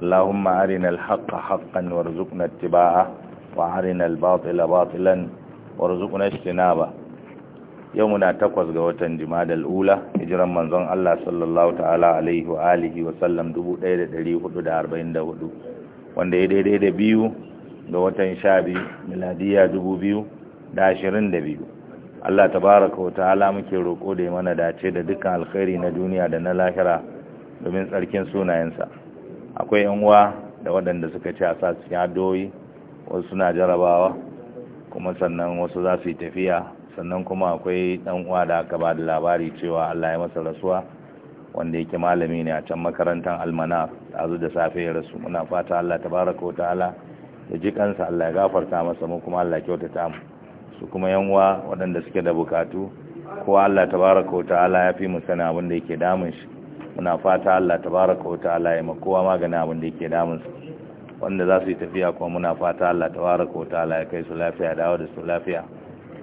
اللهم أرنا الحق حقا وارزقنا اتباعه وأرنا الباطل باطلا وارزقنا اجتنابه يومنا تقوز قوتا جماد الأولى إجرى منظر الله صلى الله تعالى عليه وآله وسلم دبو دائرة دليه خدو دا أربعين دا خدو وان دائرة دائرة دير بيو قوتا شابي ملادية دبو بيو داشرين عشرين دا بيو Allah tabaraka wa ta'ala muke roko da mana dace da dukkan alkhairi na duniya da na lahira domin tsarkin sunayensa akwai yan uwa da waɗanda suka ci a sa yadoyi wasu suna jarabawa kuma sannan wasu za su yi tafiya sannan kuma akwai ɗan uwa da aka ba da labari cewa Allah ya masa rasuwa wanda yake malami ne a can makarantar almana zuwa da safe ya rasu muna fata Allah tabaraka wa ta'ala da ji kansa Allah ya gafarta masa mu kuma Allah ta mu su kuma yan uwa waɗanda suke da bukatu ko Allah tabaraka wa ta'ala ya fi mu sana abin da yake damun shi muna fata Allah tabaraka wa ta'ala ya ma kowa magana abin da yake damun su wanda za su yi tafiya kuma muna fata Allah tabaraka wa ta'ala ya kai su lafiya dawo da su lafiya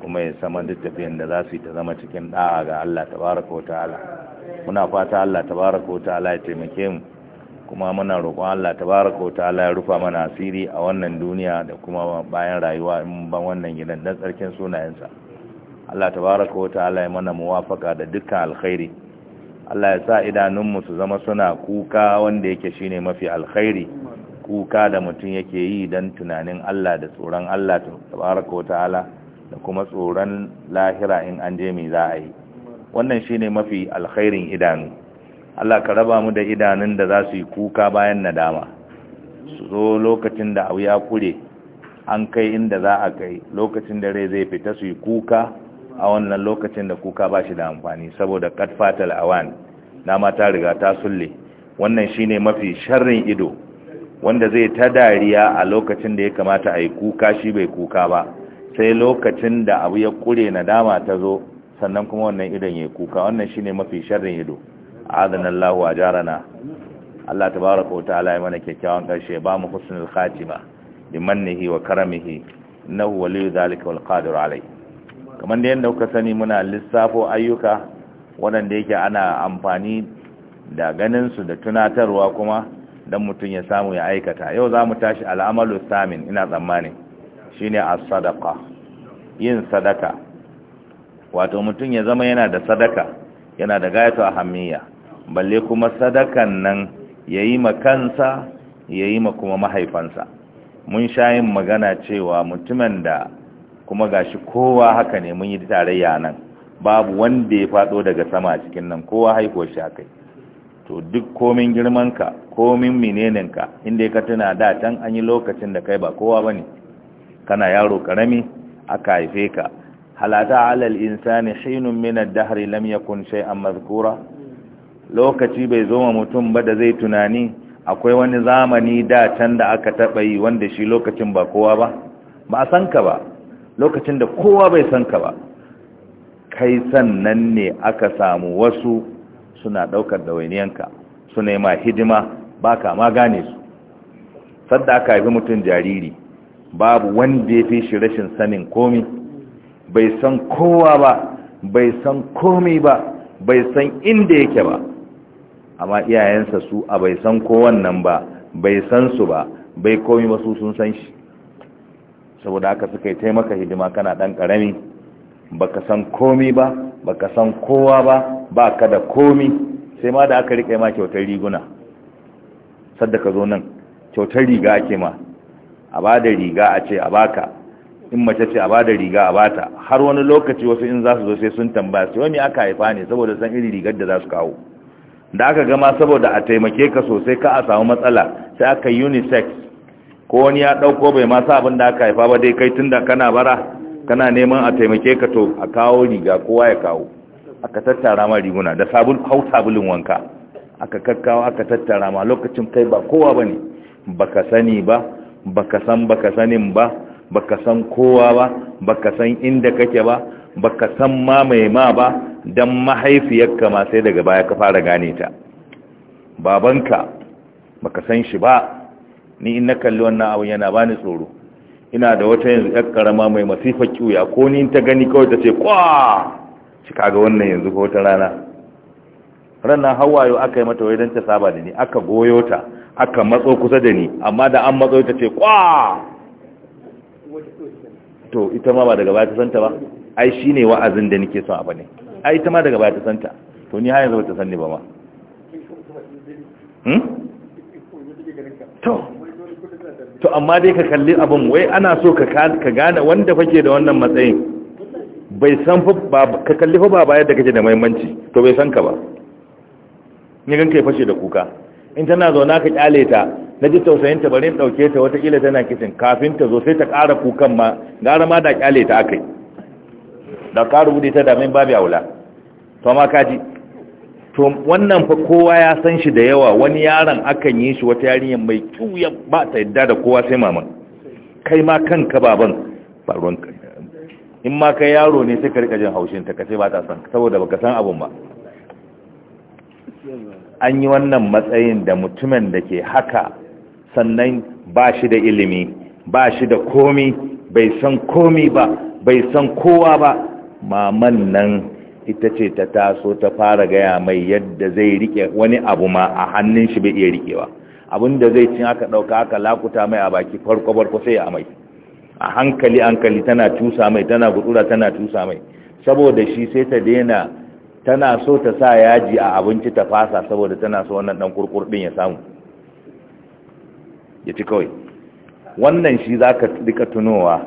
kuma ya sama duk tafiyan da za su yi ta zama cikin da'a ga Allah tabaraka wa ta'ala muna fata Allah tabaraka wa ta'ala ya taimake mu kuma muna roƙon Allah tabaraka wa ta'ala ya rufa mana asiri a wannan duniya da kuma bayan rayuwa in ban wannan gidan dan tsarkin sunayensa Allah tabaraka wa ta'ala ya mana muwafaka da dukkan alkhairi Allah ya sa idanunmu su zama suna kuka wanda yake shine mafi alkhairi kuka da mutum yake yi dan tunanin Allah da tsoron Allah tabaraka wa ta'ala da kuma tsoron lahira in an je mai za a yi wannan shine mafi alkhairin idanu Allah ka raba mu da idanun da za su yi kuka bayan nadama su zo lokacin da abu ya kure an kai inda za a kai lokacin da rai zai fita su yi kuka a wannan lokacin da kuka ba shi da amfani saboda qad fatal awan na ta riga ta sulle wannan shine mafi sharrin ido wanda zai ta dariya a lokacin da ya kamata a yi kuka shi bai kuka ba sai lokacin da abu ya kure dama ta zo sannan kuma wannan ido ya kuka wannan shine mafi sharrin ido adanallahu ajarana Allah tabaraka wa ta'ala ya mana kyakkyawan karshe ba mu husnul khatima bi mannihi wa karamihi innahu waliyyu dhalika wal qadiru alayhi kamar da yadda kuka sani muna lissafo ayyuka waɗanda yake ana amfani da ganinsu da tunatarwa kuma don mutum ya samu ya aikata yau za mu tashi al'amalu samin ina tsammani shi ne a sadaka yin sadaka wato mutum ya zama yana da sadaka yana da gayatu a hamiya balle kuma sadakan nan ya yi kansa ya yi ma kuma mahaifansa mun sha yin magana cewa mutumin da kuma ga shi kowa haka ne mun yi tarayya nan babu wanda ya fado daga sama cikin nan kowa haihuwar shi akai to duk komin girmanka komin ka inda ka tuna da can an yi lokacin da kai ba kowa bane kana yaro karami aka haife ka halata alal insani shinun min ad-dahr lam yakun shay'an mazkura lokaci bai zo ma mutum ba da zai tunani akwai wani zamani da can da aka taba yi wanda shi lokacin ba kowa ba ba san ka ba lokacin da kowa bai san ka ba kai sannan ne aka samu wasu suna daukar wainiyanka su nema hidima ka ma gane su sadda aka haifi mutum jariri babu wanda ya fi shi rashin sanin komi bai san kowa ba bai san komi ba bai san inda yake ba amma iyayensa su a bai san kowannan ba bai san su ba bai komi ba sun san shi saboda haka suka yi taimaka hidima kana dan karami baka san komi ba baka san kowa ba ba ka da komi sai ma da aka rike ma kyautar riguna sadda ka zo nan kyautar riga ake ma a ba da riga a ce a baka in mace ce a ba da riga a bata har wani lokaci wasu in za su zo sai sun tambaya sai wani aka haifa ne saboda san irin rigar da za su kawo da aka gama saboda a taimake ka sosai ka a samu matsala sai aka unisex ko wani ya ɗauko bai ma sa abin da aka haifa ba dai kai tunda kana bara kana neman a taimake ka to a kawo riga kowa ya kawo aka tattara ma riguna da sabul hau sabulin wanka aka kakkawa aka tattara ma lokacin kai ba kowa bane baka sani ba baka san baka sanin ba baka san kowa ba baka san inda kake ba baka san ma mai ma ba dan mahaifiyarka ma sai daga baya ka fara gane ta babanka baka san shi ba ni in na kalli wannan abin yana bani tsoro ina da wata yanzu yar karama mai masifa kiwuya ko ni ta gani kawai ta ce kwa shi kaga wannan yanzu ko ta rana ranar hawayo aka yi mata wai don ta saba da ni aka goyo ta aka matso kusa da ni amma da an matso ta ce kwa to ita ma ba daga baya ta santa ba ai shi ne wa'azin da nike son abu ne ai ita ma daga baya ta santa to ni har yanzu ba ta ni ba ma hmm? to to amma dai ka kalli abin wai ana so ka gane wanda fake da wannan matsayin bai san ka kalli fa ba bayar da kake da mahimmanci to bai san ka ba ni gan ya fashe da kuka in tana zauna ka kyale ta na ji tausayin ta bari in dauke ta kila tana kitin kafin ta zo sai ta ƙara kukan ma gara ma da kyale ta akai da ka rubuta ta da min babu aula to ma kaji to wannan fa kowa ya san shi da yawa wani yaron akan yi shi wata yarinyar mai kyuya ba ta yadda da kowa sai maman kai ma kanka baban faruwan in ma kai yaro ne sai ka rika jin haushin ta kace ba ta san saboda baka san abun ba an yi wannan matsayin da mutumin da ke haka sannan ba shi da ilimi ba shi da komi bai san komi ba bai san kowa ba maman nan ita ce ta taso ta fara gaya mai yadda zai rike wani abu ma a hannun shi bai iya rikewa da zai cin aka ɗauka aka lakuta mai a baki farko farko sai ya mai a hankali hankali tana tusa mai tana gudura tana tusa mai saboda shi sai ta daina tana so ta sa yaji a abinci ta fasa saboda tana so wannan dan kurkur din ya samu ya ci kawai wannan shi zaka rika tunowa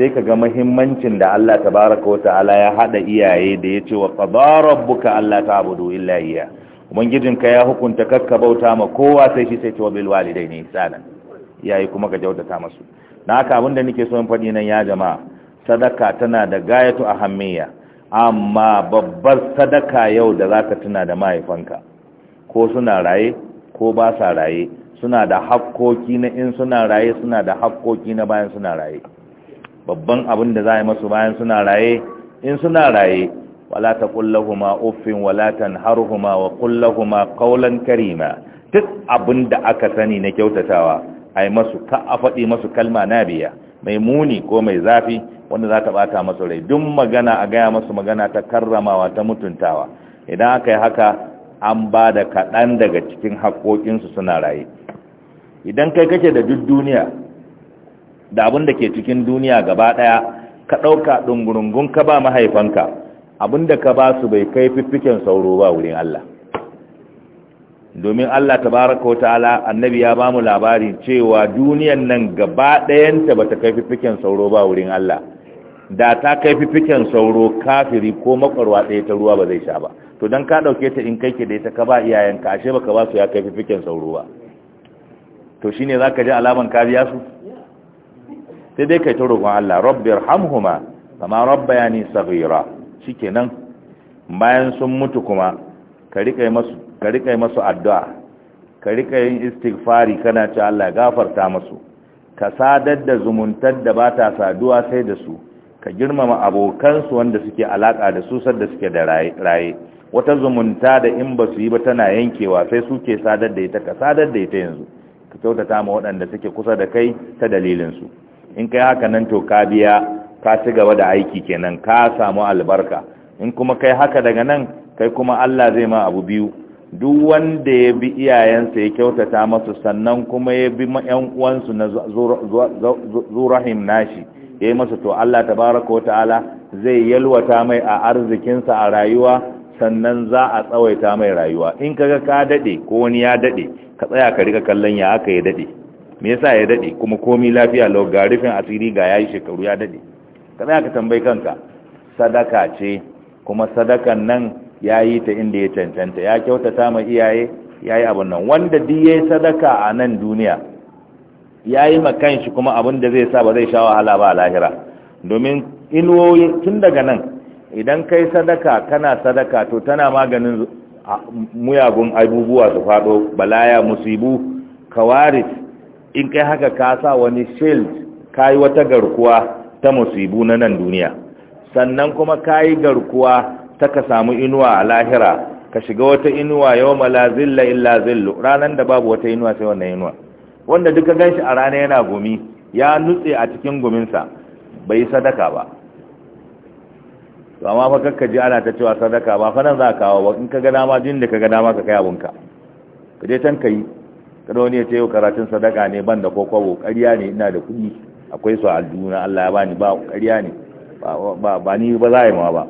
sai ka ga mahimmancin da Allah tabaraka wa ta'ala ya hada iyaye da ya ce wa qadara allah alla ta'budu illa ubangijin ka ya hukunta kakka bauta ma kowa sai shi sai ce wa bil walidaini ya iyaye kuma ka jautata masu na haka abinda nake so in faɗi nan ya jama'a sadaka tana da gayatu a ahammiya amma babbar sadaka yau da zaka tuna da mahaifanka ko suna raye ko ba sa raye suna da hakkoki na in suna raye suna da hakkoki na bayan suna raye babban abin da za a yi masu bayan suna raye in suna raye wala ta kullahuma uffin wala harhuma wa kullahuma qawlan karima duk abin da aka sani na kyautatawa ai masu ka a faɗi masu kalma na biya, mai muni ko mai zafi wanda za ta bata masu rai duk magana a gaya masu magana ta karramawa ta mutuntawa idan aka yi haka an ba da kaɗan daga cikin haƙoƙinsu suna raye idan kai kake da duk duniya da abin da ke cikin duniya gaba ɗaya ka ɗauka ɗungurungun ka ba mahaifanka abin da ka ba su bai kai fiffiken sauro ba wurin Allah domin Allah ta wa ta'ala annabi ya ba mu labari cewa duniyan nan gaba ɗayanta ba ta kai fiffiken sauro ba wurin Allah da ta kai fiffiken sauro kafiri ko makwarwa ɗaya ta ruwa ba zai sha ba to don ka ɗauke ta in kai ke da ita ka ba iyayenka ashe baka ba su ya kai fiffiken sauro ba to shine za ka ji alaman kariya su sai dai kai ta roƙon Allah rabbir hamhuma kama rabbayani saghira nan bayan sun mutu kuma ka rika yi masu addu'a ka rika yin istighfari kana ci Allah gafarta masu ka sadar da zumuntar da ba ta saduwa sai da su ka girmama abokansu wanda suke alaƙa da su sadda suke da raye wata zumunta da in ba su yi ba tana yankewa sai suke sadar da ita ka sadar da ita yanzu ka kyautata ma waɗanda suke kusa da kai ta dalilinsu in kai haka nan to ka biya ka ci gaba da aiki kenan ka samu albarka in kuma kai haka daga nan kai kuma Allah zai ma abu biyu duk wanda ya bi iyayensa ya kyautata masu sannan kuma ya bi ƴan uwansu na zurahim nashi ya yi masa to Allah tabaraka wa ta'ala zai yalwata mai a arzikinsa a rayuwa sannan za a tsawaita mai rayuwa in kaga ka dade ko wani ya dade ka tsaya ka riga kallon ya aka ya dade me yasa ya dade kuma komi lafiya lau ga rufin asiri ga yayi shekaru ya dade kana ka tambayi kanka sadaka ce kuma sadakan nan yayi ta inda ya cancanta ya kyautata ma iyaye yayi abun nan wanda di yayi sadaka a nan duniya yayi ma kanshi kuma abin da zai sa ba zai sha wahala ba a lahira domin inuwoyi tun daga nan idan kai sadaka kana sadaka to tana maganin muyagun abubuwa su faɗo balaya musibu kawaris in kai haka ka sa wani shield ka yi wata garkuwa ta musibu na nan duniya sannan kuma ka yi garkuwa ta ka samu inuwa a lahira ka shiga wata inuwa yau mala zilla illa zillu ranar da babu wata inuwa sai wannan inuwa wanda duka gan shi a rana yana gumi ya nutse a cikin guminsa bai sadaka ba amma fa kakka ji ana ta cewa sadaka ba fa nan za ka kawo ba in ka ga dama jin da ka ga dama ka kai abunka ka je can ka yi kada wani ya ce yau karatun sadaka ne ban da kokobo ƙarya ne ina da kuɗi akwai su aljuna Allah ya bani ba ƙarya ne ba ni ba za a yi mawa ba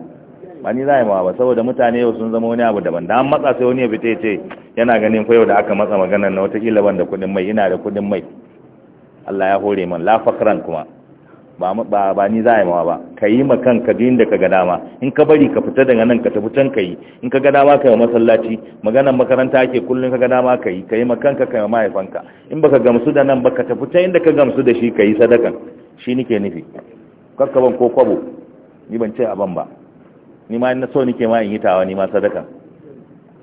ba ni za a yi ma ba saboda mutane yau sun zama wani abu daban da an matsa sai wani ya fita ya ce yana ganin fa yau da aka matsa maganar na wataƙila ban da kuɗin mai ina da kuɗin mai Allah ya hore man la fakran kuma ba ni za a yi mawa ba ka yi ma ka duk inda ka ga dama in ka bari ka fita daga nan ka tafi can ka yi in ka ga dama ka yi masallaci maganar makaranta ake kullum ka ga dama ka yi ka yi ma kanka ka yi mahaifanka in ba ka gamsu da nan ba ka tafi can inda ka gamsu da shi ka yi sadakan shi nike nufi ban ko kwabo ni ban ce ban ba ni ma na so nike ma in yi tawa ni ma sadakan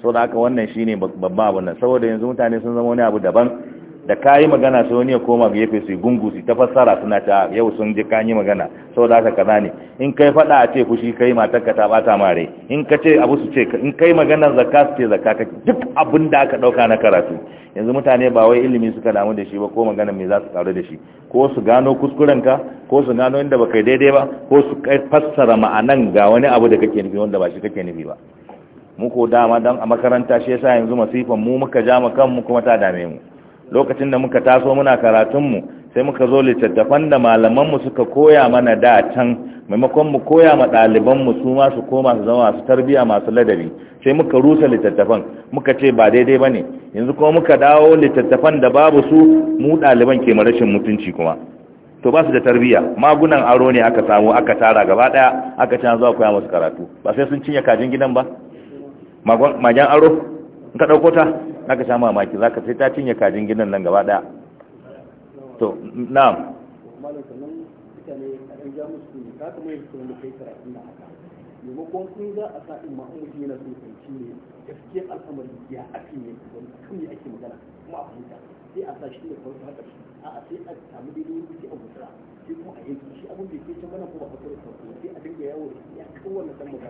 so da haka wannan shine babban abun nan saboda yanzu mutane sun zama wani abu daban da ka yi magana sai wani ya koma gefe su gungu su ta fassara suna ta yau sun ji ka yi magana saboda haka kaza ne in kai faɗa a ce fushi kai ka ta bata mare in ka ce abu su ce in kai maganar zakka su ce zakka ka duk abin da aka ɗauka na karatu yanzu mutane ba wai ilimi suka damu da shi ba ko magana me za su karu da shi ko su gano kuskuren ka ko su gano inda baka daidai ba ko su kai fassara ma'anan ga wani abu da kake nufi wanda ba shi kake nufi ba muko dama dan a makaranta shi yasa yanzu masifan mu muka ja mu kanmu kuma ta dame mu lokacin da muka taso muna karatunmu sai muka zo littattafan da malamanmu suka koya mana da can maimakon mu koya ma ɗalibanmu su ma su koma su zama su tarbiya masu ladabi sai muka rusa littattafan muka ce ba daidai ba ne yanzu kuma muka dawo littattafan da babu su mu ɗaliban ke rashin mutunci kuma to ba su da tarbiya magunan aro ne aka samu aka tara gaba ɗaya aka can zuwa koya masu karatu ba sai sun cinye kajin gidan ba magan aro ka ɗauko ta zaka sha mamaki zaka sai ta cinye kajin gidan nan gaba daya to na'am a a sa a a a da ko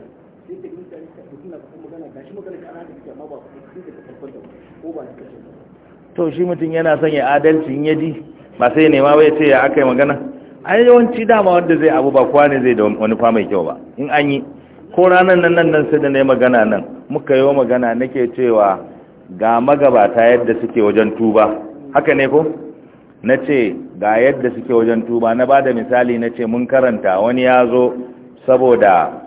ka kuma magana shi magana ka ana ba ku da farkon da ko ba ka to shi mutum yana son ya adalci in yaji ba sai nema ba ya ce ya aka yi magana ai yawanci dama wanda zai abu ba kowa ne zai da wani fa mai kyau ba in an yi ko ranar nan nan nan sai da na yi magana nan muka yi magana nake cewa ga magabata yadda suke wajen tuba haka ne ko na ce ga yadda suke wajen tuba na ba da misali na ce mun karanta wani ya zo saboda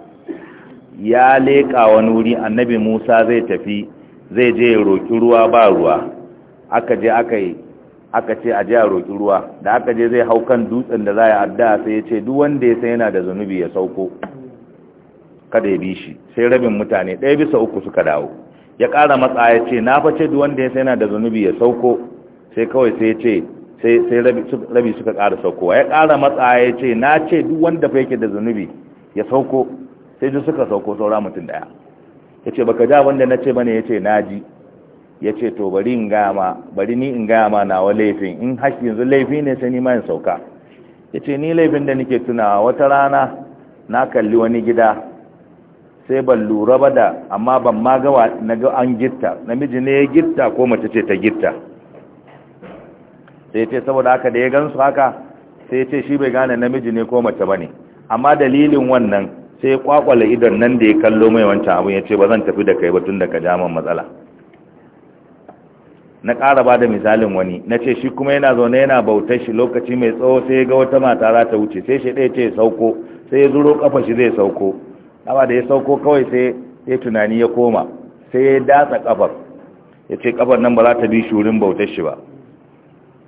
ya leƙa wani wuri annabi musa zai tafi zai je ya roƙi ruwa ba ruwa aka je aka yi aka ce a je a roƙi ruwa da aka je zai hau kan dutsen da za a adda sai ya ce duk wanda ya san yana da zunubi ya sauko kada ya bi shi sai rabin mutane ɗaya bisa uku suka dawo ya ƙara matsa ya ce na fa ce duk wanda ya san yana da zunubi ya sauko sai kawai sai ya ce sai rabi suka ƙara saukowa ya ƙara matsa ya ce na ce duk wanda fa yake da zunubi ya sauko sai duk suka sauko saura mutum daya ya ce baka ja wanda na ce bane ya ce naji ya ce to bari in gama bari ni in gama nawa laifin in hashi yanzu laifi ne sai ni ma in sauka ya ce ni laifin da nake tunawa wata rana na kalli wani gida sai ban lura ba da amma ban ma gawa na ga an gitta namiji ne ya gitta ko mace ce ta gitta sai ce saboda haka da ya gansu haka sai ce shi bai gane namiji ne ko mace ba ne amma dalilin wannan sai kwakwale kwakwala idon nan da ya kallo mai wancan abin ya ce ba zan tafi da kai ba tun da ka matsala na ƙara ba da misalin wani na ce shi kuma yana zaune yana bautar shi lokaci mai tsawo sai ya ga wata mata za ta wuce sai shi ɗaya ce sauko sai ya zuro ƙafa shi zai sauko amma da ya sauko kawai sai ya tunani ya koma sai ya datsa ƙafar ya ce ƙafar nan ba za ta bi shi wurin bautar shi ba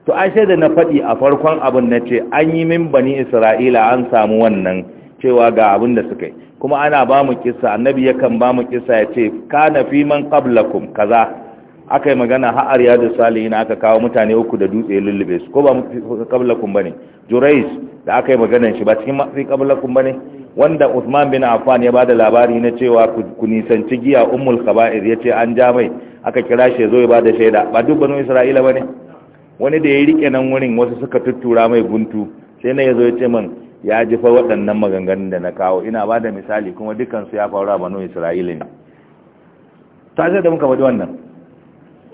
to ai sai da na faɗi a farkon abin na ce an yi min bani isra'ila an samu wannan cewa ga abin da suka yi kuma ana ba mu kisa annabi yakan ba mu kisa ya ce kana fi man qablakum kaza aka yi magana har da salihin aka kawo mutane uku da dutse lullube su ko ba mu fi qablakum bane jurais da aka yi maganar shi ba cikin fi qablakum bane wanda usman bin Affan ya bada labari na cewa ku nisanci giya ummul khaba'ir yace an ja mai aka kira shi zo ya bada shaida ba duk banu Isra'ila bane wani da ya rike nan wurin wasu suka tuttura mai guntu sai na yazo ya ce min ya ji fa waɗannan maganganun da na kawo ina ba da misali kuma dukansu ya faru a banu isra'ila ne ta da muka faɗi wannan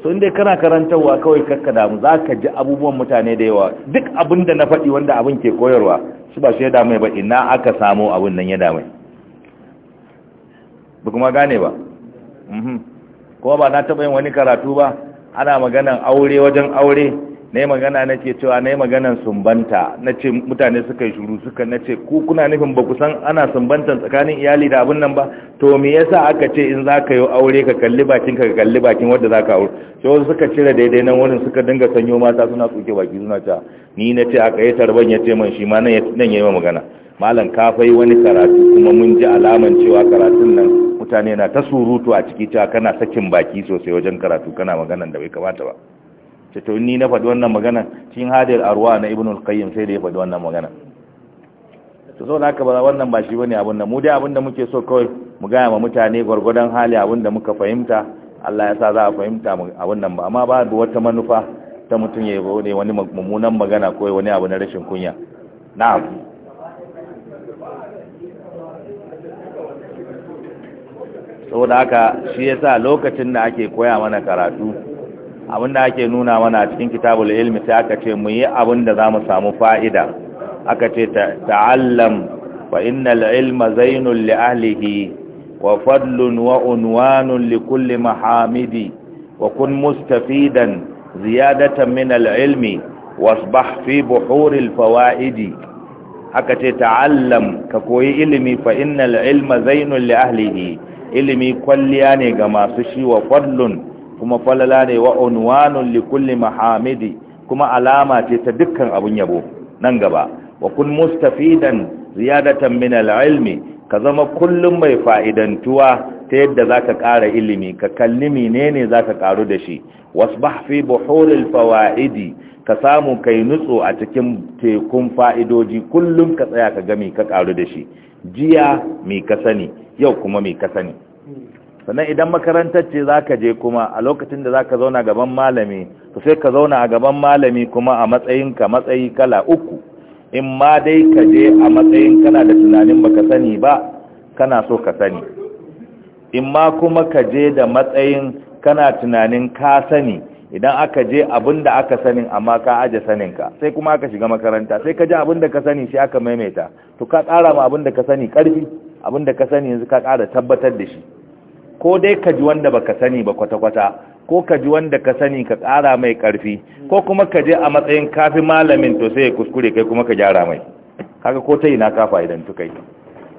so inda kana karantarwa kawai kakka damu za ka ji abubuwan mutane da yawa duk abin da na faɗi wanda abin ke koyarwa su ba su ya damu ba ina aka samu abin nan ya damu ba kuma gane ba mhm. kuma ba na taɓa yin wani karatu ba ana maganan aure wajen aure na magana na ke cewa na maganan sumbanta na ce mutane suka yi shuru suka na ce ku kuna nufin ba kusan ana sumbantan tsakanin iyali da abin nan ba to me yasa aka ce in za ka yi aure ka kalli bakin ka kalli bakin wadda za ka aure sai wasu suka cire daidai nan wurin suka dinga sanyo mata suna tsuke baki suna ta ni na ce aka yi tarban ya ce man shi ma nan ya yi magana malam ka fai wani karatu kuma mun ji alaman cewa karatun nan mutane na ta surutu a ciki cewa kana sakin baki sosai wajen karatu kana maganan da bai kamata ba ce to ni na faɗi wannan magana cikin hadir arwa na ibn al-qayyim sai da ya faɗi wannan magana to so haka ba wannan ba shi bane abin da mu dai abin da muke so kawai mu gaya ma mutane gwargwadon hali abin da muka fahimta Allah ya sa za a fahimta abin nan ba amma ba da wata manufa ta mutum ya yi wani mummunan magana ko wani abu na rashin kunya na'am saboda haka shi yasa lokacin da ake koya mana karatu abinda ake nuna mana a cikin kitabul ilmi sai aka ce mu yi abinda za mu samu fa'ida aka ce ta'allam fa innal ilma zainul li wa fadlun wa unwanun li kulli mahamidi wa kun mustafidan ziyadatan min al wasbah fi buhuril fawaidi aka ce ta'allam ka koyi ilimi fa innal zainul li ilimi kwalliya ne ga masu shi wa fadlun kuma falala ne wa unwanun li kulli mahamidi kuma alama ce ta dukkan abun yabo nan gaba wa kun mustafidan ziyadatan min al-ilmi ka zama kullum mai fa'idantuwa ta yadda zaka ƙara ilimi ka kalli menene zaka ƙaru da shi wasbah fi buhuril fawaidi ka samu kai nutso a cikin tekun fa'idoji kullum ka tsaya ka ga me ka ƙaru da shi jiya me ka sani yau kuma mai ka sani sannan idan makarantar ce za ka je kuma a lokacin da za ka zauna gaban malami to sai ka zauna a gaban malami kuma a ka matsayi kala uku in ma dai ka je a matsayin kana da tunanin baka sani ba kana so ka sani in ma kuma ka je da matsayin kana tunanin ka sani idan aka je abin da aka sanin amma ka aje saninka sai kuma aka shiga makaranta sai ka ji abin da ka sani shi aka maimaita to ka tsara ma abin da ka sani ƙarfi abin da ka sani yanzu ka ƙara tabbatar da shi ko dai ka ji wanda baka sani ba kwata-kwata ko ka ji wanda ka sani ka kara mai karfi ko kuma ka je a matsayin kafin malamin to sai kuskure kai kuma ka gyara mai kaga ko ta na kafa idan tu kai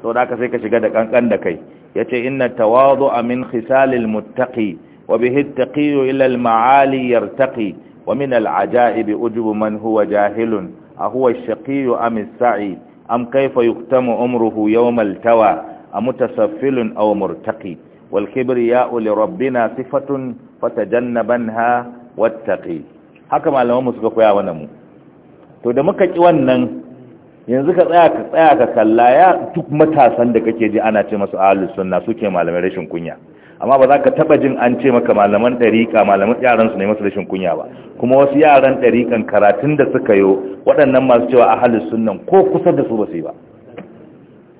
to da ka sai ka shiga da kankan da kai yace inna tawadhu'a min khisalil muttaqi wa bihi taqiyu ila al ma'ali yartaqi wa min al ajaib ujubu man huwa jahilun a huwa ash-shaqi am sai am kayfa yuktamu umruhu yawm al tawa a mutasaffilun aw murtaqi wal ya li rabbina sifatun ha haka malaman mu suka koya wannan mu to da muka ki wannan yanzu ka tsaya ka tsaya ka kalla ya duk matasan da kake ji ana ce masu ahlus sunna suke malamai rashin kunya amma ba za ka taba jin an ce maka malaman dariqa malaman yaran su ne masu rashin kunya ba kuma wasu yaran ɗarikan karatun da suka yo waɗannan masu cewa ahlus sunnan ko kusa da su ba sai ba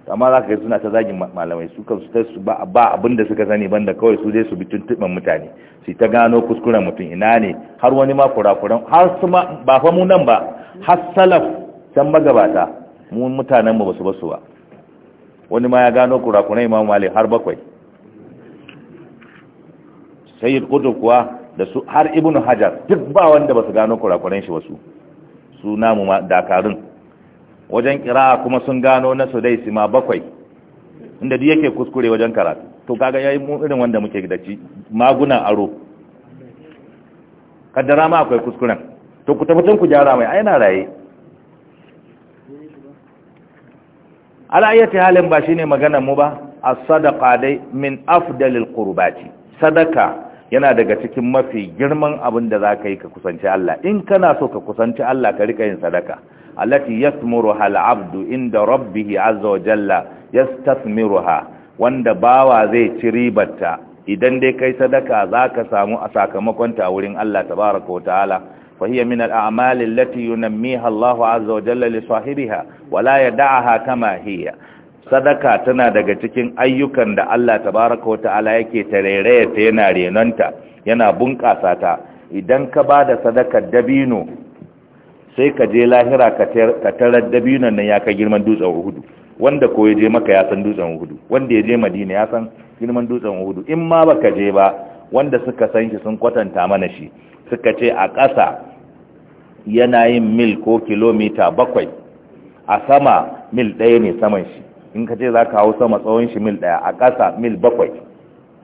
amma za ka yi suna ta zagin malamai su kan su ba abin da suka sani banda kawai su zai su bi tuntuɓen mutane su ta gano kuskuren mutum ina ne har wani ma kurakuran har su ma ba fa mu nan ba har salaf can magabata mu mutanen mu basu basu ba wani ma ya gano kurakuran imam malik har bakwai sayyid qutb kuwa da su har ibnu hajar duk ba wanda basu gano kurakuran shi wasu su namu dakarun wajen kira'a kuma sun gano na su dai su ma bakwai inda duk yake kuskure wajen karatu to kaga yayi mu irin wanda muke da ci maguna aro kaddara ma akwai kuskuren to ku tun ku gyara mai ai na raye ayati halin ba shine maganar mu ba as-sadaqa dai min afdalil qurbati sadaka yana daga cikin mafi girman abin da zaka yi ka kusanci Allah in kana so ka kusanci Allah ka rika yin sadaka allati yasmuruha al'abdu inda rabbihi azza wa jalla wanda bawa zai ci ribarta idan dai kai sadaka zaka samu a sakamakonta a wurin Allah tabaaraka wa ta'ala fa hiya min al'amali allati yunammiha Allahu azza wa jalla li sahibiha wa la yad'aha kama hiya sadaka tana daga cikin ayyukan da Allah tabaraka wa ta'ala yake tarerayata yana renonta yana bunƙasa ta idan ka bada sadakar dabino sai ka je lahira ka tarar dabinan nan ya kai girman dutsen uhudu wanda ko ya je maka ya san dutsen uhudu wanda ya je madina ya san girman dutsen uhudu in ma baka je ba wanda suka san shi sun kwatanta mana shi suka ce a ƙasa yana yin mil ko kilomita bakwai a sama mil ɗaya ne saman shi in ka ce za ka hau sama tsawon shi mil ɗaya a ƙasa mil bakwai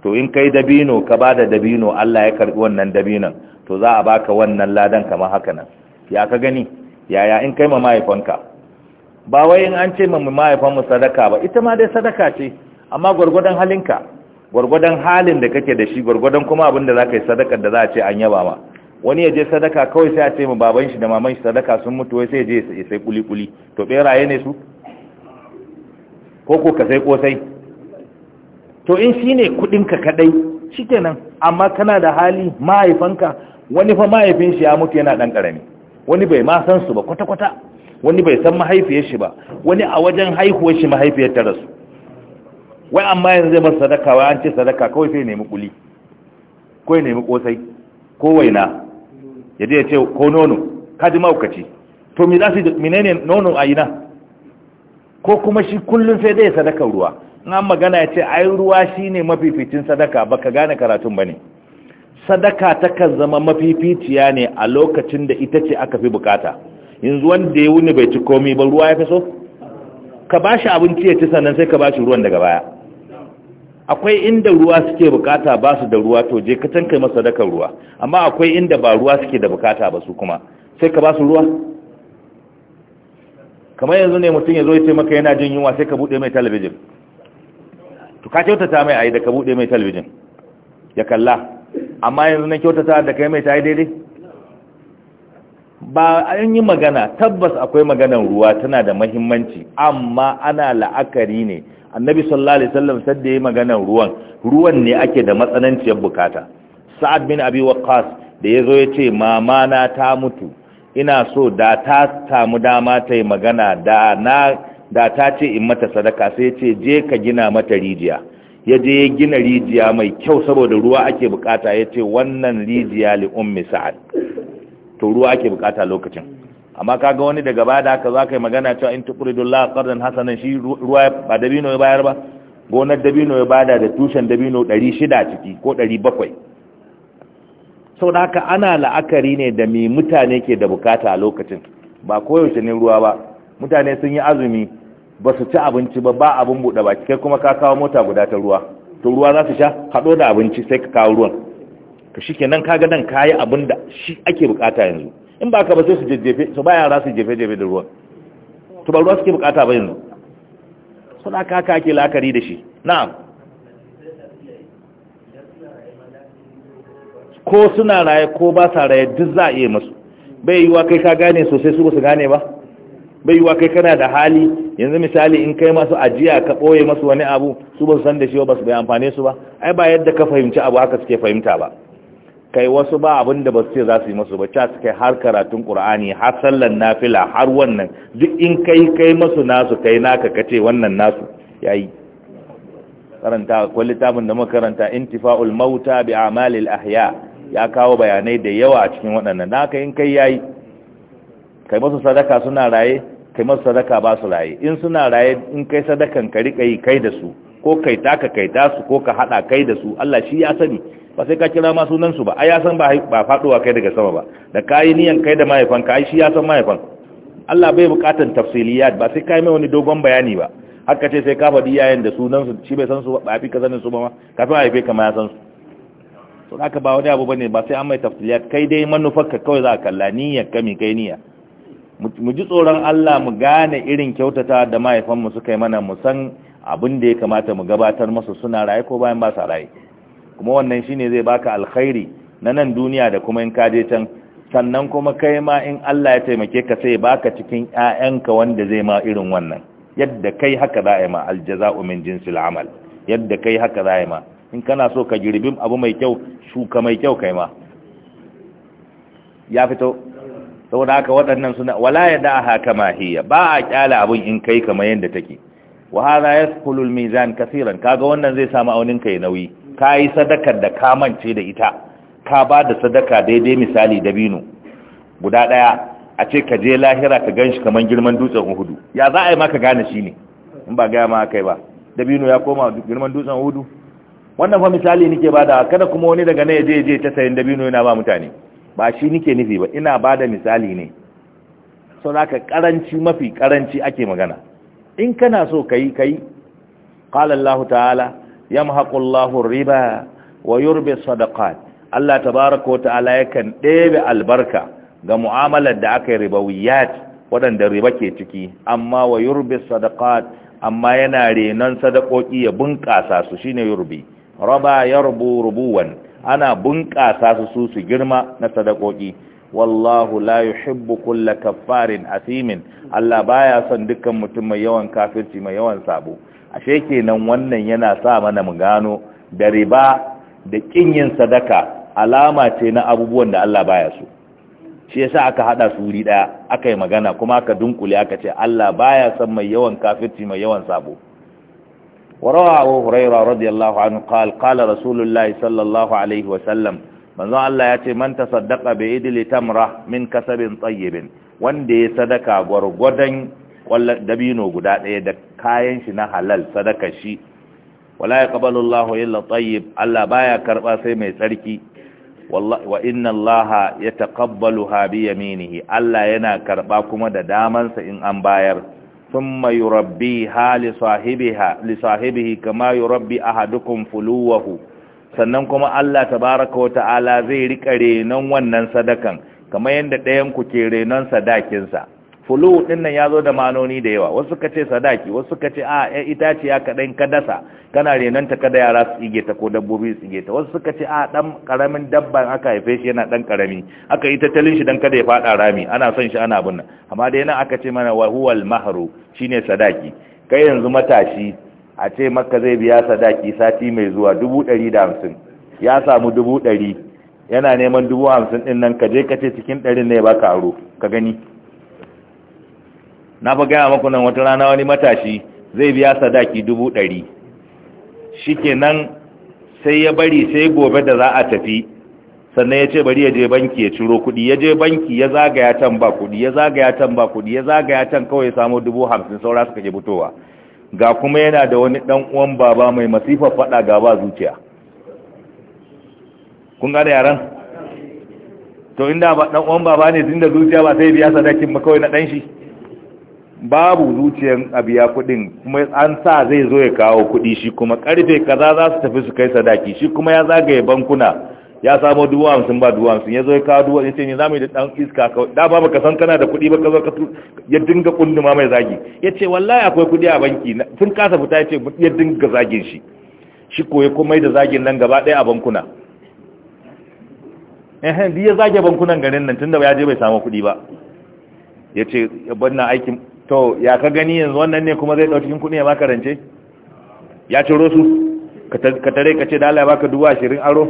to in kai dabino ka ba da dabino Allah ya karɓi wannan dabinon to za a baka wannan ladan kamar haka nan ya ka gani yaya in kai ma mahaifanka ba wai in an ce ma mahaifanmu sadaka ba ita ma dai sadaka ce amma gwargwadon halinka gwargwadon halin da kake da shi gwargwadon kuma abin da za ka yi sadakar da za a ce an yaba ma wani ya je sadaka kawai sai a ce ma baban shi da maman shi sadaka sun mutu wai sai je ya sai kuli-kuli to beraye ne su ko ko ka sai kosai to in shi ne kudinka kadai shikenan amma kana da hali mahaifanka wani fa mahaifin shi ya mutu yana dan karami wani bai ma san su ba kwata-kwata wani bai san mahaifiyar shi ba wani a wajen haihuwar shi mahaifiyar ta rasu wai amma yanzu zai masa sadaka wai an ce sadaka kawai sai nemi kuli ko ya nemi kosai ko waina ya je ya ce ko nono Ka ji maukaci to me za su menene nono a ina ko kuma shi kullum sai dai sadaka ruwa in an magana ya ce ai ruwa shine mafificin sadaka baka gane karatun bane ne sadaka takan zama mafificiya ne a lokacin da ita ce aka fi bukata yanzu wanda ya wuni bai ci komai ba ruwa ya fi so ka ba shi abinci ya ci sannan sai ka ba shi ruwan daga baya akwai inda ruwa suke bukata ba su da ruwa to je ka can kai masa sadakar ruwa amma akwai inda ba ruwa suke da bukata ba su kuma sai ka ba su ruwa kamar yanzu ne mutum ya zo ya ce maka yana jin yunwa sai ka buɗe mai talabijin to ka kyautata mai ayi da ka buɗe mai talabijin ya kalla amma yanzu na kyautata da kai mai ta yi daidai ba an yi magana tabbas akwai maganan ruwa tana da mahimmanci amma ana la'akari ne annabi sallallahu alaihi wasallam sadda yayi maganan ruwan ruwan ne ake da matsananciyar bukata sa'ad bin abi waqas da yazo yace mama na ta mutu ina so da ta samu dama ta yi magana da na da ta ce in mata sadaka sai ce je ka gina mata rijiya ya je ya gina rijiya mai kyau saboda ruwa ake bukata ya ce wannan rijiya li'un misal sa'ad to ruwa ake bukata lokacin amma kaga wani daga bada haka za ka yi magana cewa in tuqridullah qardan hasanan shi ruwa ba dabino ya bayar ba gonar dabino ya bada da tushen dabino 600 ciki ko 700 sau da haka ana la'akari ne da mai mutane ke da bukata a lokacin ba koyaushe ne ruwa ba mutane sun yi azumi ba su ci abinci ba ba abin buɗe baki kai kuma ka kawo mota guda ta ruwa to ruwa za su sha haɗo da abinci sai ka kawo ruwan ka shi kenan ga nan kayi abin da shi ake bukata yanzu in ba ka ba sai su jajjefe su ba yara su jefe-jefe da ruwan to ba ruwa suke bukata ba yanzu suna kaka ke la'akari da shi na'am ko suna raye ko ba sa raye duk za a iya masu bai yiwuwa kai ka gane sosai su ba su gane ba bai yiwa kai kana da hali yanzu misali in kai masu ajiya ka ɓoye masu wani abu su ba su san da shi ba su bai amfane su ba ai ba yadda ka fahimci abu haka suke fahimta ba kai wasu ba abin da ba su ce za su yi masu ba cas kai har karatun qur'ani har sallan nafila har wannan duk in kai kai masu nasu kai naka ka ce wannan nasu yayi karanta akwai littafin da makaranta intifa'ul mauta bi amalil ahya ya kawo bayanai da yawa a cikin waɗannan naka in kai yayi kai masu sadaka suna raye kai masu sadaka ba su raye in suna raye in kai sadakan ka rika yi kai da su ko kai ka kai su ko ka hada kai da su Allah shi ya sani ba sai ka kira ma sunan su ba ai ya san ba ba faduwa kai daga sama ba da kai niyan kai da mahaifan ka ai shi ya san mahaifan Allah bai bukatan tafsiliyat ba sai kai mai wani dogon bayani ba haka ce sai ka faɗi yayin da sunan su shi bai san su ba a fi ka sanin su ba ma kafin haife ka ma ya san su to haka ba wani abu bane ba sai an mai tafsiliyat kai dai manufar ka kawai za ka kalla niyyar ka mi kai niyya mu ji tsoron Allah mu gane irin kyautata da mahaifanmu suka yi mana san abin da ya kamata mu gabatar masu suna raye ko bayan ba sa raye kuma wannan shine zai baka alkhairi na nan duniya da kuma in ka je can sannan kuma kai ma in Allah ya taimake ka sai baka cikin ƴaƴanka wanda zai ma irin wannan yadda kai haka za a ma aljaza'u min jinsil amal yadda kai haka za ma in kana so ka girbin abu mai kyau shuka mai kyau kai ma ya fito saboda haka waɗannan suna wala ya da haka kama hiya ba a kyala abin in kai kamar yadda take wa hadha yasqulu al-mizan kaseeran kaga wannan zai samu aunin kai nauyi kai sadakar da ka mance da ita ka ba da sadaka daidai misali dabino guda daya a ce ka je lahira ka ganshi kaman girman dutsen uhudu ya za a yi maka gane shi ne in ba ga ma kai ba dabino ya koma girman dutsen uhudu wannan fa misali nake bada kada kuma wani daga ne ya je je ta sayin dabino yana ba mutane ba shi nike nufi ba ina ba da misali ne so ka karanci mafi karanci ake magana in kana so ka yi ka yi ƙalallahu ta'ala ya mahaƙullahu riba wa yurbe sadakat Allah tabaraka wa ta'ala yakan ɗebe albarka ga mu'amalar da aka yi ribawiyat waɗanda riba ke ciki amma wa yurbe sadakat amma yana renon sadakoki ya bunƙasa su shine yurbi raba yarbu rubuwan ana bunƙasa su su su girma na sadakoki wallahu la yuhibbu kulla kaffarin asimin Allah baya son dukkan mutum mai yawan kafirci mai yawan sabo ashe kenan wannan yana sa mana mu gano da riba da kin yin sadaka alama ce na abubuwan da Allah baya so shi yasa aka hada su wuri daya aka yi magana kuma aka dunkule aka ce Allah baya son mai yawan kafirci mai yawan sabo وروى أبو هريرة رضي الله عنه قال قال رسول الله صلى الله عليه وسلم من ذا الله يأتي من تصدق بإدل تمرة من كسب طيب وندي صدقة ورغدن ولا دبينو غدا ɗaya da kayan shi na halal sadaka shi wala yaqbalu illa tayyib Allah baya karba sai mai tsarki wallahi wa inna Allaha yataqabbaluha bi yaminihi Allah yana karba kuma da damansa in an bayar ثم يربيها لصاحبها لصاحبه كما يربي أحدكم فلوه sannan kuma Allah tabaraka wa ta'ala zai rika renon wannan sadakan kamar yadda ɗayan ku ke renon sadakinsa fulu din nan ya zo da manoni da yawa wasu suka ce sadaki wasu suka ce a ah, itace itaciya kaɗan ka dasa kana ta kada yara su tsige ko dabbobi su tsige ta wasu suka ce a ah, dan karamin dabban aka haife shi yana dan karami aka yi tattalin shi dan kada ya fada rami ana son shi ana bunna amma dai nan aka ce mana wa huwal mahru shine sadaki kai yanzu matashi a ce maka zai biya sadaki sati mai zuwa dubu ɗari ya samu dubu yana neman dubu hamsin nan ka je ka ce cikin ɗarin ne ba ka aro ka gani na fa gaya maku nan wata rana wani matashi zai biya sadaki dubu ɗari shi kenan sai ya bari sai gobe da za a tafi sannan ya ce bari ya je banki ya ciro kuɗi ya je banki ya zagaya can ba kuɗi ya zagaya can ba kuɗi ya zagaya can kawai ya samu dubu hamsin saura suka ke fitowa ga kuma yana da wani ɗan uwan baba mai masifar faɗa ga ba zuciya kun gane yaran to inda ba ɗan uwan baba ne tun zuciya ba sai biya sadakin ba kawai na ɗan shi babu zuciyar abiya kudin kuma an sa zai zo ya kawo kudi shi kuma karfe kaza za su tafi su kai sadaki shi kuma ya zagaye bankuna ya samo duwa hamsin ba duwa hamsin ya zo ya kawo duwa ya ce ne za mu yi da ɗan iska kawai da ba baka san kana da kuɗi ba ka zo ka ya dinga kunduma mai zagi ya ce wallahi akwai kuɗi a banki sun kasa fita ya ce ya dinga zagin shi shi koyi komai da zagin nan gaba ɗaya a bankuna ehem ya zage bankunan garin nan tunda ya je bai samu kuɗi ba ya ce ya na aikin to ya ka gani yanzu wannan ne kuma zai ɗauki kuɗi ya baka rance ya ciro su ka tare ka ce da ya baka dubu ashirin aro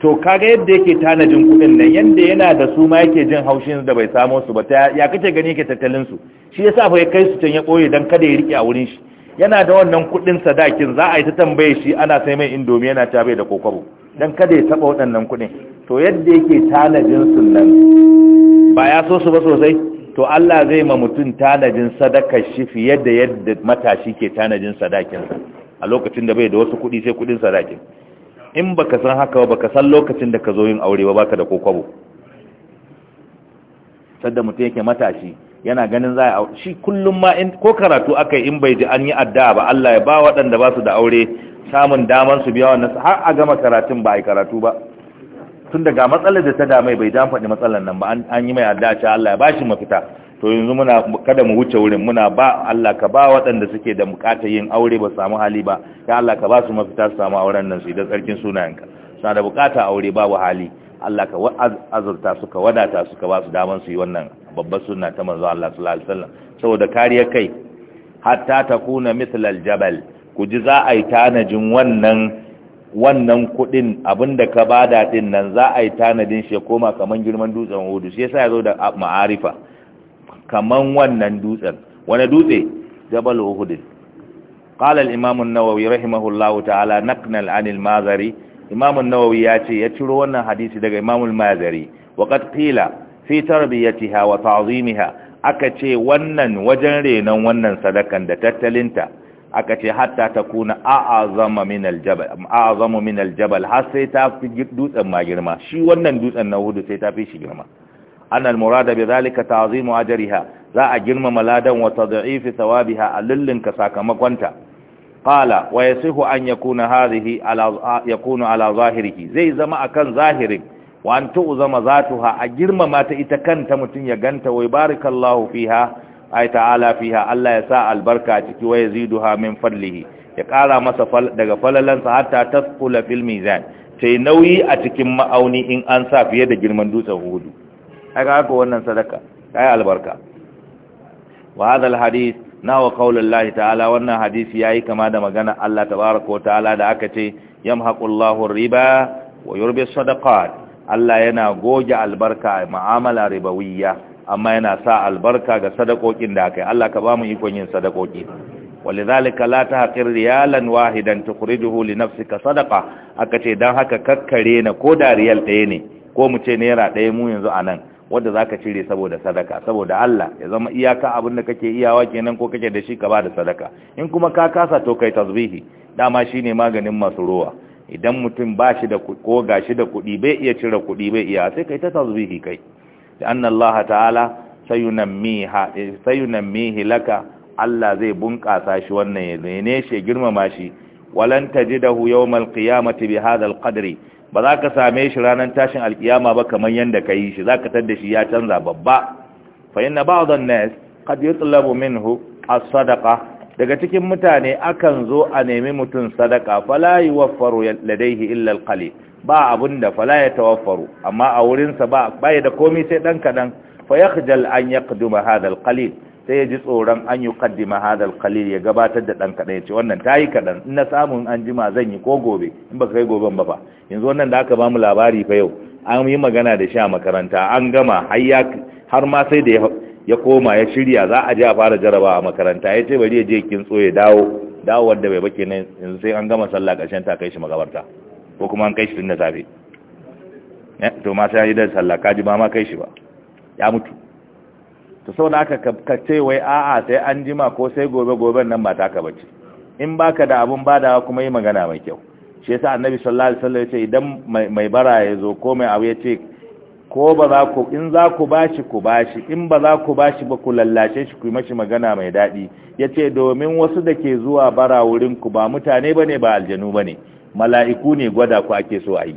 to kaga yadda yake tanajin kuɗin nan yadda yana da su ma yake jin haushin da bai samo su ba ya kace gani yake tattalin su shi yasa fa ya kai su can ya ɓoye dan kada ya rike a wurin shi yana da wannan kuɗin sadakin za a yi ta tambaye shi ana sai mai indomi yana ta bai da kokobo dan kada ya taɓa waɗannan kuɗin to yadda yake tanajin su nan ba ya so su ba sosai to Allah zai ma mutum tanadin sadakar shi fiye da yadda matashi ke tanadin sadakinsa a lokacin da bai da wasu kuɗi sai kuɗin sadakin in baka san haka ba baka san lokacin da ka zo yin aure ba baka da kokwabo sadda mutum yake matashi yana ganin za a shi kullum ma in ko karatu aka yi in bai ji an yi addu'a ba Allah ya ba waɗanda ba su da aure samun daman su biya wannan har a gama karatun ba a yi karatu ba tun daga matsalar da ta damai bai dan faɗi matsalar nan ba an yi mai addace Allah ya bashi mafita to yanzu muna kada mu wuce wurin muna ba Allah ka ba waɗanda suke da bukatar yin aure ba samu hali ba ya Allah ka ba su mafita su samu auren nan su da tsarkin sunayenka suna da bukata aure babu hali Allah ka azurta su ka wadata su ka ba su daman su yi wannan babbar sunna ta manzo Allah sallallahu alaihi wasallam saboda kariya kai hatta takuna mithlal jabal ku ji za a yi tanajin wannan wannan kuɗin abinda ka bada din nan za a yi tanadin shi koma kaman girman dutsen hudu shi yasa ya zo da ma'arifa kaman wannan dutsen wani dutse jabal uhudin qala al imam an-nawawi rahimahullahu ta'ala naqnal anil mazari imam an-nawawi ya ce ya ciro wannan hadisi daga imam al-mazari wa qad qila fi tarbiyatiha wa ta'zimiha aka ce wannan wajen renon wannan sadakan da tattalinta aka ce hatta ta kuna a'azama min aljabal a'azamu min aljabal har sai ta fi dutsen ma girma shi wannan dutsen na hudu sai ta fi shi girma annal murada bi zalika ta'zimu ajriha za a girma maladan wa tad'ifi thawabiha alillinka sakamakonta qala wa yasihu an yakuna hadhihi ala yakunu ala zahirihi zai zama akan zahirin wa an tu'zama zatuha a girma mata ita kanta mutun ya ganta wa barakallahu fiha Ai ta'ala fiha Allah ya sa albarka ciki wa yaziduha min fadlihi ya kara masa daga falalansa hatta tasqula fil mizan sai nauyi a cikin ma'auni in an sa fiye da girman dutsen hudu kaga haka wannan sadaka kai albarka wa hadha alhadith nawa qaulullahi ta'ala wannan hadisi yayi kama da magana Allah tabaaraka wa ta'ala da aka ce yamhaqullahu riba wa yurbi sadaqat Allah yana goge albarka a mu'amala ribawiyya amma yana sa albarka ga sadakokin da aka yi Allah ka ba mu ikon yin sadakoki walidhalika la tahqir riyalan wahidan tukhrijuhu li nafsika sadaqa aka ce dan haka kakkare na ko da riyal ɗaya ne ko mu ce naira ɗaya mu yanzu anan wanda zaka cire saboda sadaka saboda Allah ya zama iyaka abin da kake iyawa kenan ko kake da shi ka ba da sadaka in kuma ka kasa to kai tasbihi dama shine maganin masu ruwa idan mutum ba da ko gashi da kuɗi bai iya cire kuɗi bai iya sai kai ta tasbihi kai لأن الله تعالى سينميها سينميه لك Allah zai bunƙasa shi wannan ya ne shi girmama shi walan tajidahu yawmal qiyamati bi hadhal qadri ba za ka same shi ranar tashin alkiyama ba kamar ka yi shi zaka tada shi ya canza babba fa inna ba'd an-nas qad yutlabu minhu as-sadaqa daga cikin mutane akan zo a nemi mutun sadaqa fala yuwaffaru ladayhi illa al-qalil ba abun da fala ya tawaffaru amma a wurinsa ba ya da komai sai dan kadan fa yakhjal an yaqduma hadal alqalil sai ya ji tsoron an yi kaddima hadal kalil ya gabatar da ɗan kaɗan ya ce wannan ta yi kaɗan in na samun an jima zan yi ko gobe in ba kai goben ba fa yanzu wannan da aka ba mu labari fa yau an yi magana da shi a makaranta an gama har ma sai da ya koma ya shirya za a je a fara jaraba a makaranta ya ce bari ya je kin ya dawo dawo da bai bake nan yanzu sai an gama sallah ƙarshen ta kai shi magabarta ko kuma an kai shi tun da safe eh, to ma sai ya yi da sallah kaji ba ma kai shi ba ya mutu to sau da aka ce wai a'a sai an jima ko sai gobe goben nan ba taka bace in baka da abun badawa kuma yi magana mai kyau shi yasa annabi sallallahu alaihi wasallam yace idan mai bara ya zo ko mai abu yace ko ba za ku in za ku bashi ku bashi in ba za ku bashi ba ku lallace shi ku yi mashi magana mai daɗi yace domin wasu da ke zuwa bara wurin ku ba mutane bane ba aljanu bane mala'iku ne gwada ku ake so a yi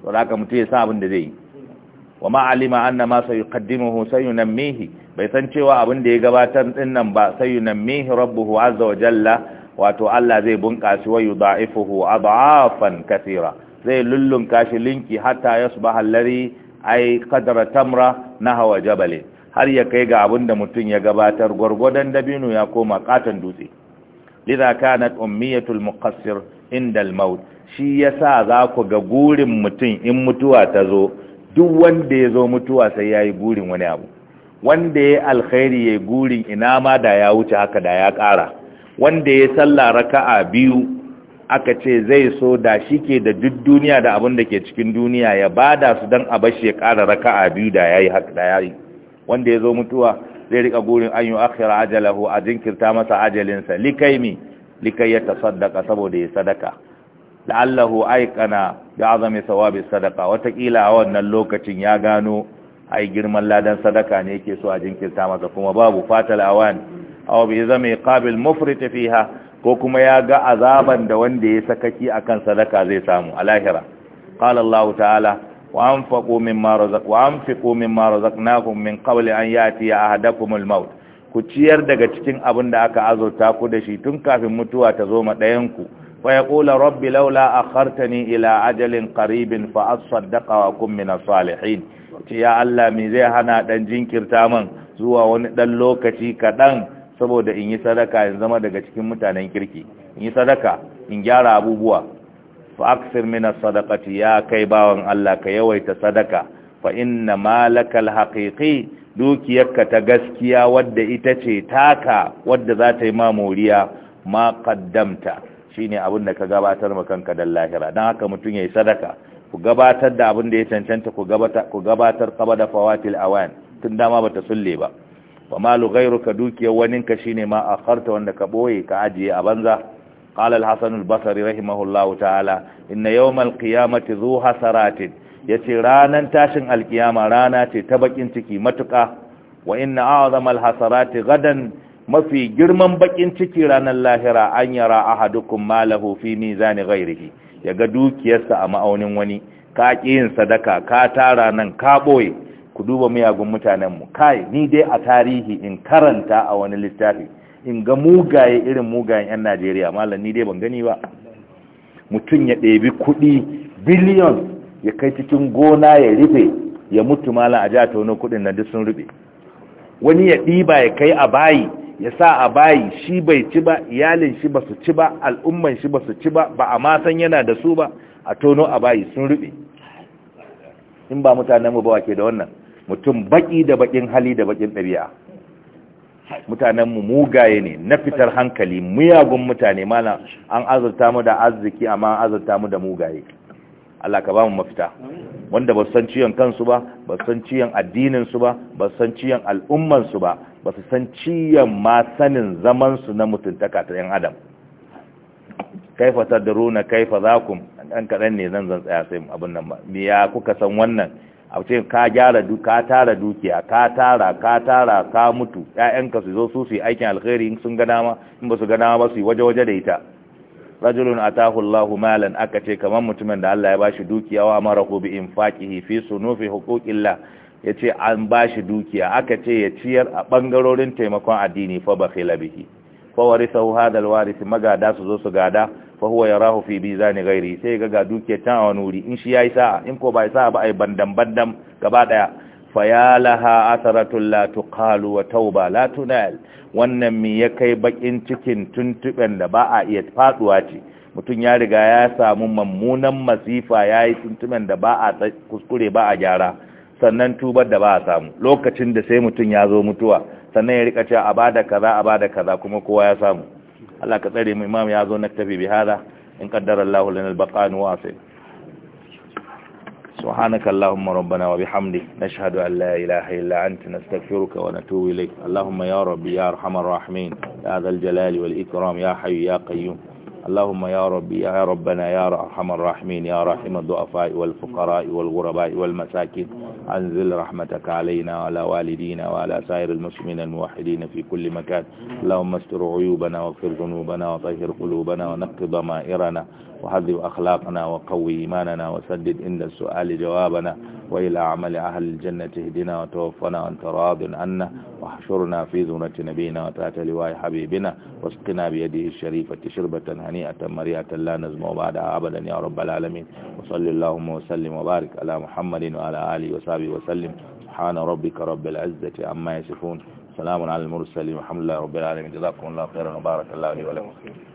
to haka ya sa abin da zai yi wa ma'alima anna ma sayuqaddimuhu sayunammihi bai san cewa abin da ya gabatar din nan ba sayunammihi rabbuhu azza wa jalla wato Allah zai bunƙasi wa yudha'ifuhu adhafan kathira zai lullun kashi linki hatta yasbaha alladhi ai qadra tamra na hawa jabale. har ya kai ga abin da mutum ya gabatar gwargwadon dabino ya koma katon dutse idza kanat ummiyatul muqassir inda al-maut shi yasa za ku ga gurin mutum in mutuwa ta zo duk wanda ya zo mutuwa sai yayi gurin wani abu wanda ya alkhairi ya gurin ina ma da ya wuce haka da ya kara wanda ya salla raka'a biyu aka ce zai so da shike da duk duniya da abin da ke cikin duniya ya bada su dan a bashi ya kara raka'a biyu da ya haka da yayi wanda ya zo mutuwa zai rika gurin an yi akhira ajalahu a jinkirta masa ajalinsa likai mi likai ya tasaddaka saboda ya sadaka la'allahu aikana da azami sawabi sadaka watakila a wannan lokacin ya gano yi girman ladan sadaka ne yake so a jinkirta masa kuma babu fatal awan aw bi zama kabil mufrit tafiya ko kuma ya ga azaban da wanda ya sakaki akan sadaka zai samu a lahira qala ta'ala وأنفقوا مما رزق min مما رزقناكم من قبل أن يأتي أحدكم الموت ku ciyar daga cikin abin da aka azurta ku da shi tun kafin mutuwa ta zo ma ɗayanku fa ya rabbi laula akhartani ila ajalin qaribin fa asaddaqa wa kun min salihin ce ya Allah me zai hana dan jinkirta man zuwa wani dan lokaci kaɗan saboda in yi sadaka in zama daga cikin mutanen kirki in yi sadaka in gyara abubuwa fa aksir min ya kai bawan Allah ka yawaita sadaka fa inna malakal haqiqi dukiyarka ta gaskiya wadda ita ce taka wadda za ta yi ma moriya ma shine abin da ka gabatar ma kanka dan lahira dan haka mutun yayi sadaka ku gabatar da abin da ya cancanta ku gabatar ku gabatar qabada fawatil awan tun dama ta sulle ba fa malu ghayruka dukiyar waninka shine ma akharta wanda ka ɓoye ka ajiye a banza قال الحسن البصري رحمه الله تعالى إن يوم القيامة ذو حسرات يتي رانا تاشن القيامة رانا تبك انتكي متقى وإن أعظم الحسرات غدا ما في جرما بك انتكي رانا اللاهرة أن يرى أحدكم ما له في ميزان غيره يقدوك يسا أما أون وني كاكين صدقا كاتارا نن كابوي ku duba miyagun mutanenmu كاي ني دي a tarihi in karanta a wani littafi in ga mugaye irin mugayen 'yan najeriya malam ni dai ban gani ba mutum ya ɗebi kuɗi biliyon ya kai cikin gona ya rufe ya mutu malam a ji a taunin kuɗin na duk sun rufe wani ya ɗiba ya kai a bayi ya sa a bayi shi bai ci ba iyalin shi ba su ci ba al'umman shi ba su ci ba ba a masan yana da su ba a tono a bayi sun rufe in ba mutanen ba wake da wannan mutum baƙi da baƙin hali da baƙin ɗabi'a mutanenmu mugaye ne na fitar hankali muyagun mutane mana an azurta mu da arziki amma an azurta mu da mugaye Allah ka ba mu mafita wanda ba san ciyon kansu ba ba san ciyon addinin su ba ba san ciyon al'umman su ba ba su san ciyon ma sanin zaman su na mutuntaka ta yan adam kaifa tadruna kaifa zakum an kadan ne zan zan tsaya sai abun nan ba me ya kuka san wannan a ce ka gyara ka tara dukiya ka tara ka tara ka mutu ƴaƴanka su zo su su aikin alkhairi in sun ga dama in ba su ga dama ba su yi waje waje da ita rajulun atahu Allahu malan aka ce kamar mutumin da Allah ya bashi dukiya wa ko bi infaqihi fi sunufi huquqillah yace an bashi dukiya aka ce ya ciyar a bangarorin taimakon addini fa bakhila bihi fa warithu hadha alwarith magada su zo su gada fa huwa yarahu fi bizani ghairi sai ga ga duke ta wani wuri in shi yayi sa'a in ko bai sa'a ba ai bandam-bandam gaba daya fa ya laha asaratun la tuqalu wa tauba la tunal wannan mi ya kai bakin cikin tuntuben da ba a iya faduwa ce mutum ya riga ya samu mammunan masifa yayi tuntuben da ba a kuskure ba a gyara sannan tubar da ba a samu lokacin da sai mutum ya zo mutuwa sannan ya rika cewa a bada kaza a bada kaza kuma kowa ya samu الله ka tsare mu imam ya zo na tafi bi hada in qaddara سبحانك اللهم ربنا وبحمدك نشهد أن لا إله إلا أنت نستغفرك ونتوب إليك اللهم يا ربي يا أرحم الراحمين يا ذا الجلال والإكرام يا حي يا قيوم اللهم يا ربي يا ربنا يا أرحم الراحمين يا رحم الضعفاء والفقراء والغرباء والمساكين أنزل رحمتك علينا وعلى والدينا وعلى سائر المسلمين الموحدين في كل مكان اللهم استر عيوبنا واغفر ذنوبنا وطهر قلوبنا ونقض ضمائرنا وحذب أخلاقنا وقوي إيماننا وسدد عند السؤال جوابنا وإلى عمل أهل الجنة اهدنا وتوفنا وأنت راض عنا واحشرنا في ذنة نبينا وتات لواء حبيبنا واسقنا بيده الشريفة شربة هنيئة مريئة لا نزم بعدها أبدا يا رب العالمين وصل اللهم وسلم وبارك على محمد وعلى آله وصحبه وسلم سبحان ربك رب العزة عما يصفون سلام على المرسلين والحمد لله رب العالمين جزاكم الله خيرا وبارك الله لي ولكم